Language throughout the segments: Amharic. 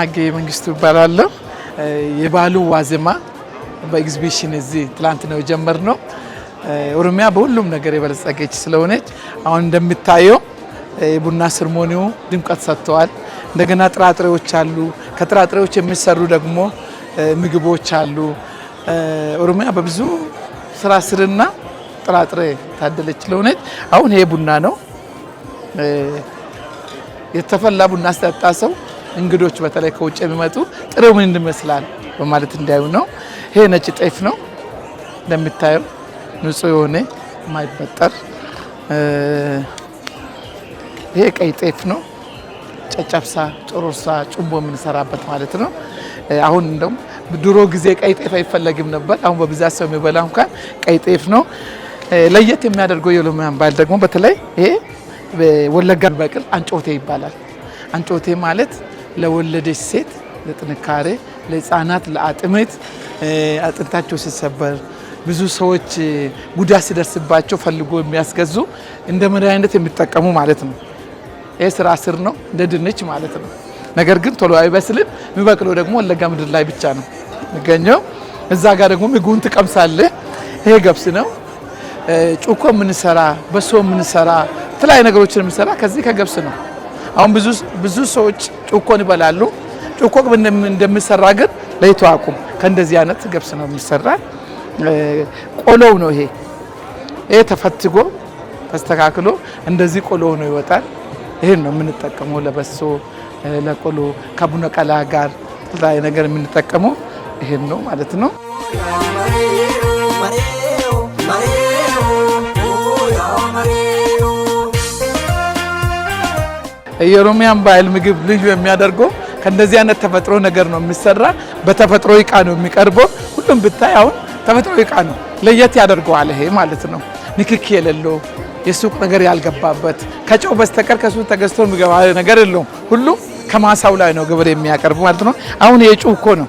ሀጌ መንግስቱ እባላለሁ። የባሉ ዋዜማ በኤግዚቢሽን እዚህ ትላንት ነው የጀመርነው። ኦሮሚያ በሁሉም ነገር የበለጸገች ስለሆነች አሁን እንደሚታየው የቡና ሰርሞኒው ድምቀት ሰጥተዋል። እንደገና ጥራጥሬዎች አሉ። ከጥራጥሬዎች የሚሰሩ ደግሞ ምግቦች አሉ። ኦሮሚያ በብዙ ስራ ስርና ጥራጥሬ ታደለች ስለሆነች አሁን ይሄ ቡና ነው የተፈላ ቡና ሲጠጣ ሰው እንግዶች በተለይ ከውጭ የሚመጡ ጥሬው ምን እንድመስላል በማለት እንዲያዩ ነው። ይሄ ነጭ ጤፍ ነው እንደምታየው ንጹህ የሆነ የማይበጠር ይሄ ቀይ ጤፍ ነው። ጨጨብሳ፣ ጮሮሳ፣ ጩምቦ የምንሰራበት ማለት ነው። አሁን እንደውም ድሮ ጊዜ ቀይ ጤፍ አይፈለግም ነበር። አሁን በብዛት ሰው የሚበላ እንኳን ቀይ ጤፍ ነው። ለየት የሚያደርገው የሎሚያን ባህል ደግሞ በተለይ ይሄ ወለጋን በቅል አንጮቴ ይባላል። አንጮቴ ማለት ለወለደች ሴት ለጥንካሬ፣ ለህፃናት ለአጥምት አጥንታቸው ሲሰበር ብዙ ሰዎች ጉዳት ሲደርስባቸው ፈልጎ የሚያስገዙ እንደ መድኃኒነት የሚጠቀሙ ማለት ነው። ይህ ስራ ስር ነው፣ እንደ ድንች ማለት ነው። ነገር ግን ቶሎ አይበስልም። የሚበቅለው ደግሞ ወለጋ ምድር ላይ ብቻ ነው የሚገኘው። እዛ ጋር ደግሞ ምግቡን ትቀምሳለህ። ይሄ ገብስ ነው። ጩኮ የምንሰራ በሶ የምንሰራ የተለያዩ ነገሮችን የምንሰራ ከዚህ ከገብስ ነው። አሁን ብዙ ብዙ ሰዎች ጩኮን ይበላሉ። ጩኮ እንደሚሰራ ግን ለይቶ አቁም ከእንደዚህ አይነት ገብስ ነው የሚሰራ። ቆሎው ነው ይሄ ይሄ ተፈትጎ ተስተካክሎ እንደዚህ ቆሎ ነው ይወጣል። ይሄን ነው የምንጠቀመው ለበሶ ለቆሎ ከቡነ ቀላ ጋር ላይ ነገር የምንጠቀመው ይሄን ነው ማለት ነው። የኦሮሚያን ባህል ምግብ ልዩ የሚያደርገው ከእንደዚህ አይነት ተፈጥሮ ነገር ነው የሚሰራ። በተፈጥሮ እቃ ነው የሚቀርበው። ሁሉም ብታይ አሁን ተፈጥሮ እቃ ነው፣ ለየት ያደርገዋል። ይሄ ማለት ነው ንክክ የሌለው የሱቅ ነገር ያልገባበት ከጨው በስተቀር ከሱ ተገዝቶ የሚገባ ነገር የለውም። ሁሉም ከማሳው ላይ ነው ግብር የሚያቀርብ ማለት ነው። አሁን የጩ እኮ ነው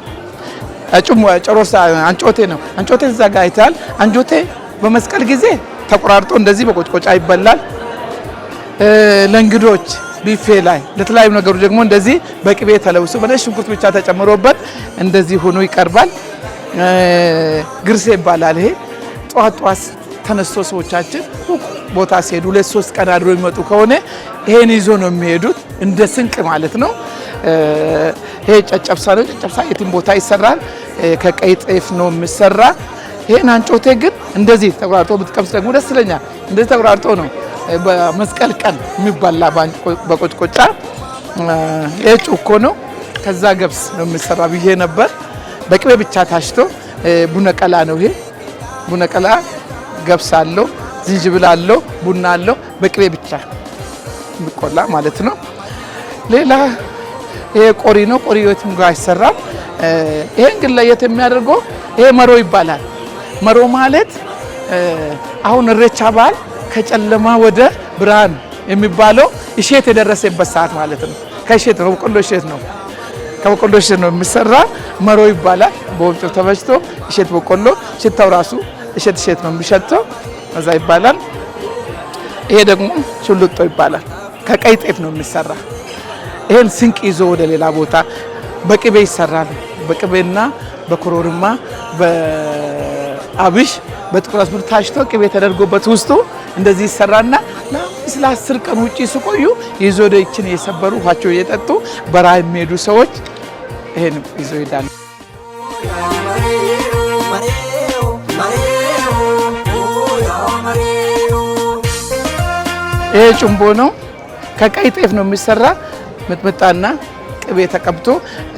ጨሮሳ አንጮቴ ነው። አንጮቴ እዛ ጋ አንጆቴ በመስቀል ጊዜ ተቆራርጦ እንደዚህ በቆጭቆጫ ይበላል ለእንግዶች ቢፌ ላይ ለተለያዩ ነገሮች ደግሞ እንደዚህ በቅቤ ተለውሶ በነጭ ሽንኩርት ብቻ ተጨምሮበት እንደዚህ ሆኖ ይቀርባል። ግርሴ ይባላል። ይሄ ጠዋት ጠዋት ተነስቶ ሰዎቻችን ቦታ ሲሄዱ ሁለት ሶስት ቀን አድሮ የሚመጡ ከሆነ ይሄን ይዞ ነው የሚሄዱት፣ እንደ ስንቅ ማለት ነው። ይሄ ጨጨብሳ ነው። ጨጨብሳ የትም ቦታ ይሰራል። ከቀይ ጤፍ ነው የሚሰራ። ይሄን አንጮቴ ግን እንደዚህ ተቆራርጦ ብትቀምስ ደግሞ ደስ ይለኛል። እንደዚህ ተቆራርጦ ነው በመስቀል ቀን የሚበላ በቆጭቆጫ የጩ እኮ ነው። ከዛ ገብስ ነው የሚሰራ ብዬ ነበር። በቅቤ ብቻ ታሽቶ ቡነቀላ ነው ይሄ ቡነቀላ። ገብስ አለው፣ ዝንጅብል አለው፣ ቡና አለው። በቅቤ ብቻ የሚቆላ ማለት ነው። ሌላ ይሄ ቆሪ ነው። ቆሪ የትም ጋር አይሰራም። ይሄን ግን ለየት የሚያደርገው ይሄ መሮ ይባላል። መሮ ማለት አሁን እሬቻ በዓል ከጨለማ ወደ ብርሃን የሚባለው እሸት የደረሰበት ሰዓት ማለት ነው። ከእሸት ከበቆሎ እሸት ነው ከበቆሎ እሸት ነው የሚሰራ መሮ ይባላል። በወፍጮ ተፈጭቶ እሸት በቆሎ ሽታው ራሱ እሸት እሸት ነው የሚሸተው እዛ ይባላል። ይሄ ደግሞ ሽሉጦ ይባላል። ከቀይ ጤፍ ነው የሚሰራ። ይሄን ስንቅ ይዞ ወደ ሌላ ቦታ በቅቤ ይሰራል። በቅቤና በኮሮርማ ። አብሽ በጥቁር አዝሙድ ታሽቶ ቅቤ ተደርጎበት ውስጡ እንደዚህ ይሰራና ስለ አስር ቀን ውጪ ሲቆዩ ይዞ ደችን የሰበሩ ውሃቸው እየጠጡ በረሃ የሚሄዱ ሰዎች ይሄን ይዞ ይዳል። ይሄ ጭንቦ ነው። ከቀይ ጤፍ ነው የሚሰራ። ምጥምጣና ቅቤ ተቀብቶ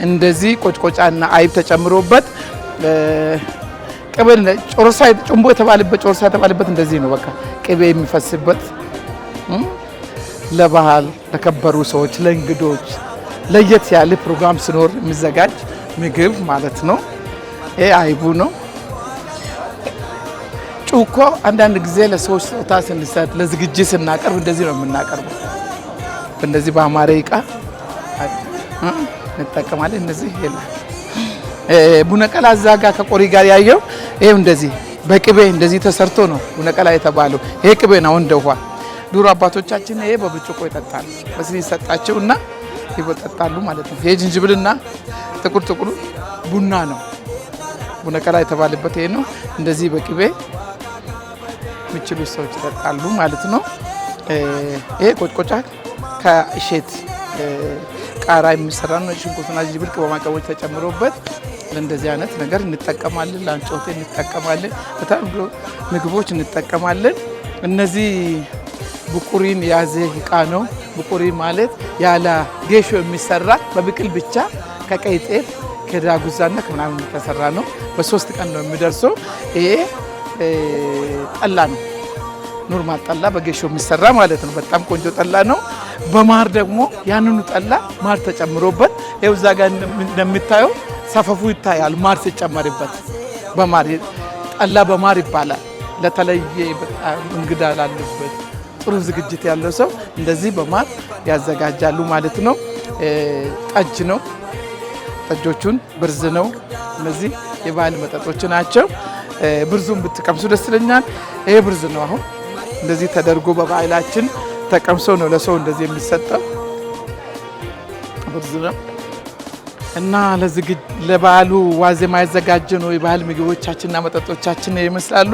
እንደዚህ ቆጭቆጫና አይብ ተጨምሮበት ቅቤል ጮርሳ ጮምቦ የተባለበት ጮርሳ የተባለበት እንደዚህ ነው። በቃ ቅቤ የሚፈስበት ለባህል ለከበሩ ሰዎች፣ ለእንግዶች ለየት ያለ ፕሮግራም ሲኖር የሚዘጋጅ ምግብ ማለት ነው። ይሄ አይቡ ነው። ጩኮ አንዳንድ ጊዜ ለሰዎች ስጦታ ስንሰጥ ለዝግጅት ስናቀርብ እንደዚህ ነው የምናቀርበው። እንደዚህ በአማረ እቃ እንጠቀማለን። እነዚህ የለም ቡነቀላ እዛ ጋር ከቆሪ ጋር ያየው ይሄው እንደዚህ በቅቤ እንደዚህ ተሰርቶ ነው ቡነቀላ የተባለው። ይሄ ቅቤ ነው እንደ ውሃ። ድሮ አባቶቻችን ይሄ በብርጭቆ ይጠጣሉ። በስኒ ይሰጣቸው እና ይጠጣሉ ማለት ነው። ይሄ ጅንጅብልና ጥቁር ጥቁሩ ቡና ነው። ቡነቀላ የተባለበት ይሄ ነው። እንደዚህ በቅቤ የሚችሉ ሰዎች ይጠጣሉ ማለት ነው። ይሄ ቆጭቆጫ ከእሸት ቃራ የሚሰራ ነው። ሽንኩርትና ዝንጅብል ቅመማ ቅመሞች ተጨምሮበት ለእንደዚህ አይነት ነገር እንጠቀማለን። ለአንጮቴ እንጠቀማለን። በጣም ምግቦች እንጠቀማለን። እነዚህ ብቁሪን የያዘ እቃ ነው። ብቁሪ ማለት ያለ ጌሾ የሚሰራ በብቅል ብቻ ከቀይ ጤፍ ከዳጉዛና ከምናምን የተሰራ ነው። በሶስት ቀን ነው የሚደርሰው። ይሄ ጠላ ነው፣ ኑርማ ጠላ በጌሾ የሚሰራ ማለት ነው። በጣም ቆንጆ ጠላ ነው። በማር ደግሞ ያንኑ ጠላ ማር ተጨምሮበት ይኸው እዛ ጋር እንደምታየው ሰፈፉ ይታያል። ማር ሲጨመርበት በማር ጠላ በማር ይባላል። ለተለየ በጣም እንግዳ ላለበት ጥሩ ዝግጅት ያለው ሰው እንደዚህ በማር ያዘጋጃሉ ማለት ነው። ጠጅ ነው። ጠጆቹን ብርዝ ነው። እነዚህ የባህል መጠጦች ናቸው። ብርዙን ብትቀምሱ ደስ ይለኛል። ይሄ ብርዝ ነው። አሁን እንደዚህ ተደርጎ በባህላችን ተቀምሶ ነው ለሰው እንደዚህ የሚሰጠው ብርዝ ነው። እና ለበዓሉ ዋዜማ ያዘጋጀ ነው የባህል ምግቦቻችንና መጠጦቻችን ይመስላሉ።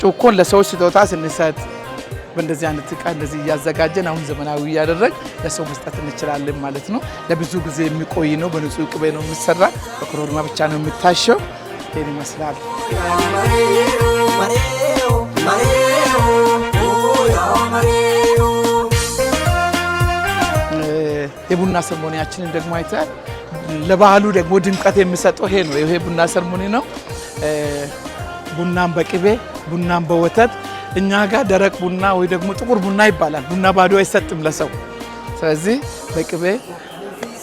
ጩኮን ለሰዎች ስጦታ ስንሰጥ በእንደዚህ አይነት እቃ እንደዚህ እያዘጋጀን አሁን ዘመናዊ እያደረግ ለሰው መስጠት እንችላለን ማለት ነው። ለብዙ ጊዜ የሚቆይ ነው። በንጹህ ቅቤ ነው የሚሰራ። በኮረሪማ ብቻ ነው የሚታሸው። ይህን ይመስላል። የቡና ሰሞኒያችንን ደግሞ አይተል ለባህሉ ደግሞ ድምቀት የሚሰጠው ይሄ ነው። ይሄ ቡና ሰርሞኒ ነው። ቡናን በቅቤ ቡናን በወተት እኛ ጋር ደረቅ ቡና ወይ ደግሞ ጥቁር ቡና ይባላል። ቡና ባዶ አይሰጥም ለሰው። ስለዚህ በቅቤ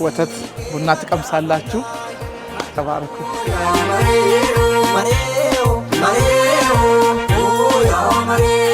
ወተት ቡና ትቀምሳላችሁ። ተባረኩ። መሬው መሬው